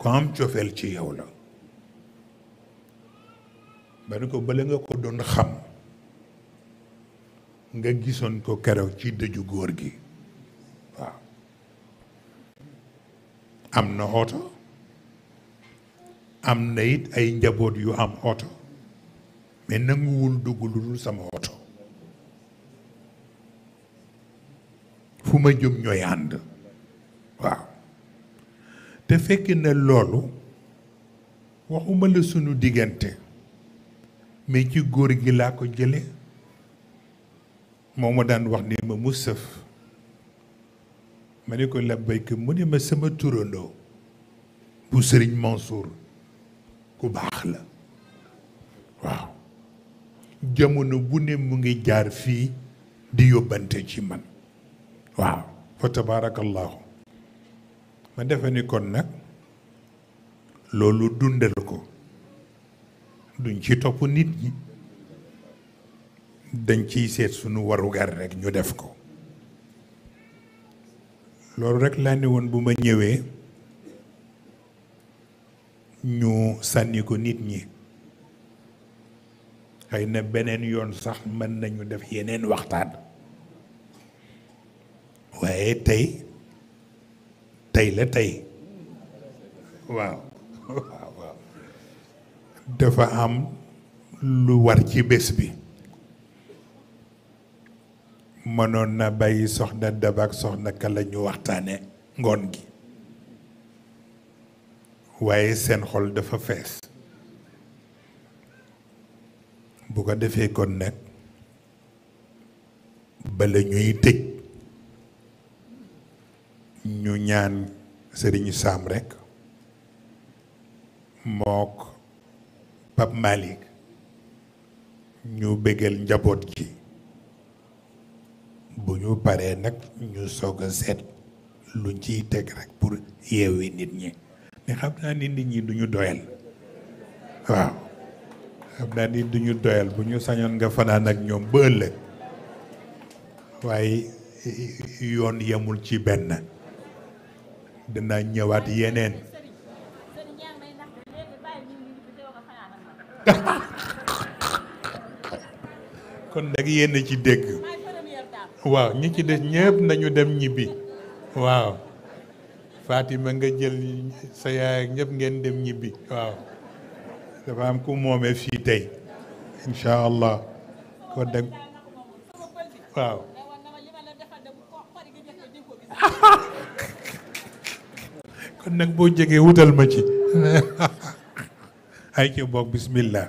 ku am cofeel ci yow la ma ne ko bala nga ko doon xam nga gisoon ko keroog ci dëju góor gi waaw am na oto am na it ay njaboot yu am oto mais nanguwul dugg lu dul sama oto fu ma jëm ñooy ànd fekk na loolu waxuma la sunu diggante mais ci góor gi laa ko jële moo ma daan wax ni ma mu sëf ma ne ko labbayka mu ne ma sama turandoo bu sëriñ Mansour ku baax la waaw jamono bu ne mu ngi jaar fii di yóbbante ci man waaw fa tabaarakallaahu ma defe kon nag loolu dundal ko duñ ci topp nit ñi dañ ciy seet sunu warugar rekk ñu def ko loolu rek laa ne woon bu ma ñëwee ñu sànni ko nit ñi xëy na beneen yoon sax mën nañu def yeneen waxtaan waaye tey tey la tey waaw dafa am lu war ci bés bi mënoon na bàyyi soxna dabak soxna ka ñu waxtaane ngoon gi waaye seen xol dafa fees bu ko defee kon nag bala ñuy tëj ñaan sëriñu saam rekk mook Pape Malick ñu bégal njaboot ji bu ñu paree nag ñu soog a seet lu ciy teg rek pour yeewi nit ñi mais xam naa nit ñi duñu doyal waaw xam naa ni duñu doyal bu ñu sañoon nga fanaan ak ñoom ba ëllëg waaye yoon yemul ci benn dinaa ñëwaat yeneen kon nag yéen ci dégg waaw ñi ci des ñëpp nañu dem ñibbi waaw Fatima nga jël sa yaay ak ngeen dem ñibbi waaw dafa am ku moomee fii tey incha allah ko dégg waaw kon nag boo jegee wutal ma ci ay ci bokk bismillah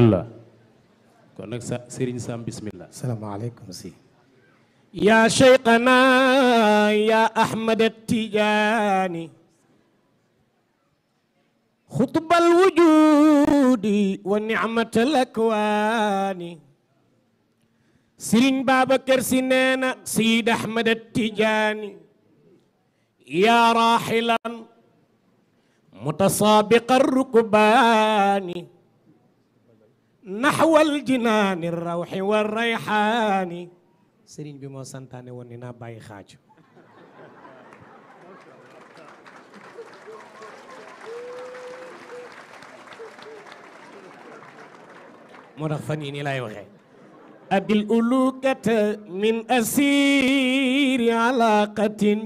allah kon nag sa sëriñ sam bismillah salaamaaleykum si ya cheikhana ya ahmad tijaani xutbal wujud juudi wa ni'matal akwaani Sëriñ Babacar Si neena Siid Ahmad Tijaani yaa raaxilan mutasaabiqa rukbaani naxwal jinaani rawxi wa rayxaani sëriñ bi moo santaane woon ni naa bàyyi xaaju moo tax fan yii nii laay waxee adil ulukata min asiri alaqatin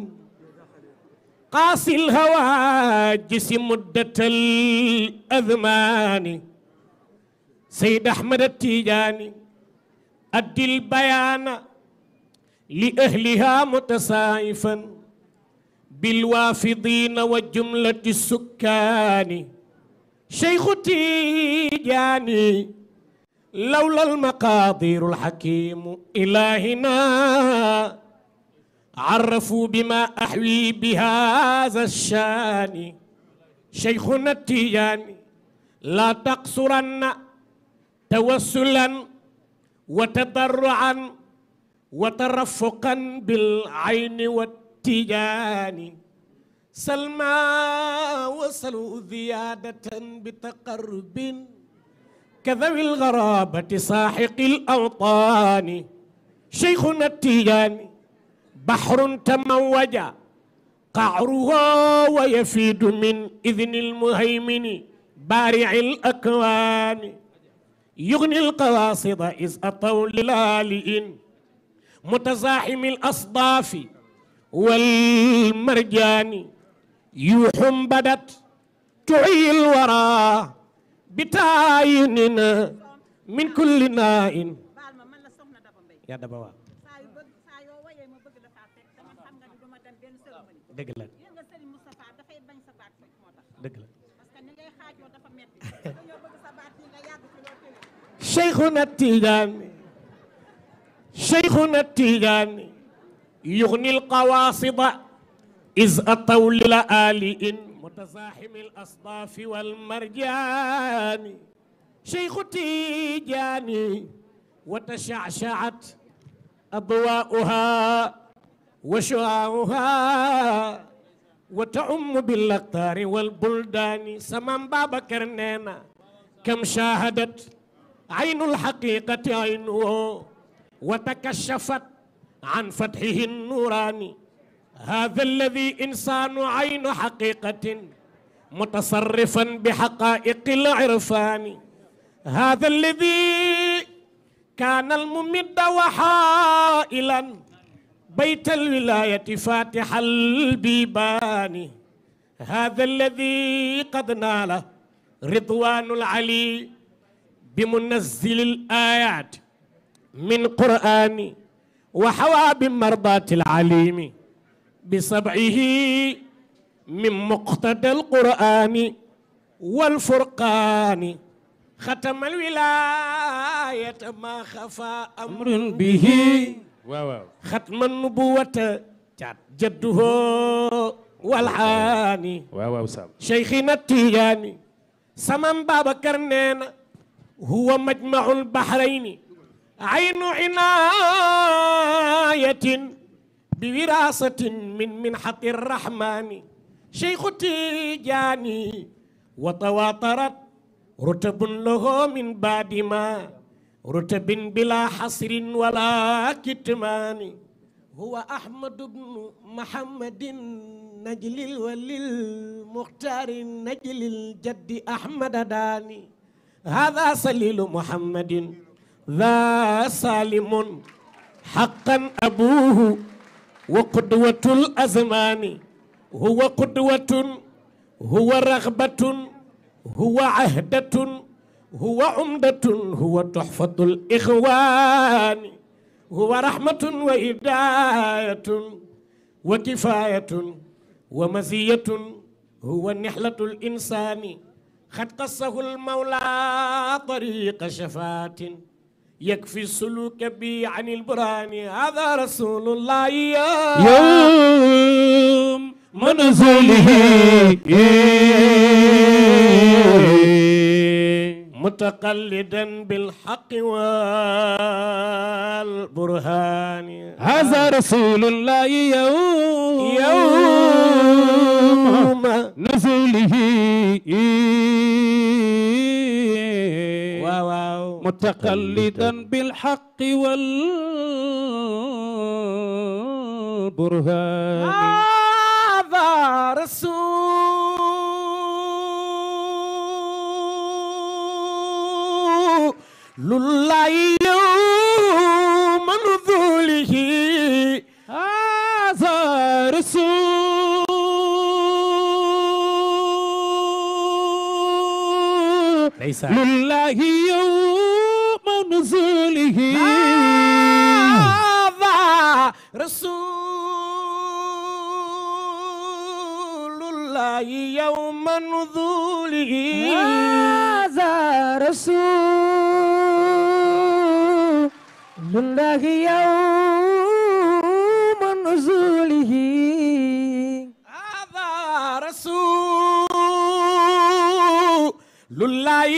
qaasil hawaajisi muddatal azmaani sayd ahmad attijaani addil bayaana li ahliha mutasaayifan bilwaafidiina wa jumlati sukkaani cheikhu tijaani لولا المقادير الحكيم إلهنا عرفوا بما أحوي بهذا الشان شيخنا التيجاني لا تقصرن توسلا وتضرعا وترفقا بالعين والتيجان سلمى وصلوا زيادة بتقرب كذوي الغرابة ساحق الأوطان شيخنا التيجاني بحر تموج قعره ويفيد من إذن المهيمن بارع الأكوان يغني القواصد إذ أطوا للالئ متزاحم الأصداف والمرجان يوح بدت تعي الورى bitaayin min kulli naain yaa daba waa dëgg la dëgg la Cheikhuna Tijaani Cheikhuna Tijaani yugnil qawaasida is ataw lila aaliin متزاحم الأصداف والمرجان شيخ تيجاني وتشعشعت أضواؤها وشعاعها وتعم بالأقطار والبلدان سمام بابا كرنينا كم شاهدت عين الحقيقة عينه وتكشفت عن فتحه النوراني هذا الذي إنسان عين حقيقة متصرفا بحقائق العرفان هذا الذي كان الممد وحائلا بيت الولاية فاتح البيبان هذا الذي قد نال رضوان العلي بمنزل الآيات من قرآن وحوى بمرضاة العليم بسبعه من مقتدى القرآن والفرقان ختم الولاية ما خفى أمر به ختم النبوة جده والعاني شيخنا التيجاني سمن بابا كرنين هو مجمع البحرين عين عناية bi wiraasatin min min xaqi rahmaani cheikhu tijaani wa tawaatarat rutabun lahu min baadi ma rutabin bila xasrin wala kitmaani huwa ahmadu bnu muhammadin najlil walil muxtaari najlil jaddi ahmada daani هذا سليل محمد ذا سالم حقا أبوه وقدوة الأزمان هو قدوة هو رغبة هو عهدة هو عمدة هو تحفة الإخوان هو رحمة وهداية وكفاية ومزية هو نحلة الإنسان قد قصه المولى طريق شفاة يكفي السلوك بي عن البرهان هذا رسول الله يوم منزله متقلدا بالحق والبرهان هذا رسول الله يوم يوم نزوله متقلدا بالحق والبرهان هذا رسول الله يوم نزوله هذا رسول لله نزوله هذا رسول الله يوم نزوله هذا رسول الله يوم نزوله هذا رسول الله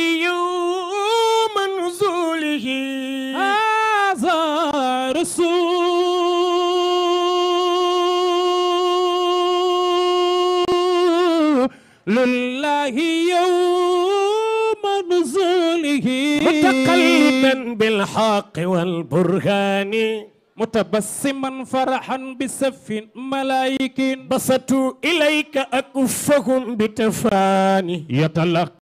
لله يوم نزوله متقلبا بالحق والبرهان متبسما فرحا بسف ملائك بسطوا إليك أكفهم بتفاني يتلقى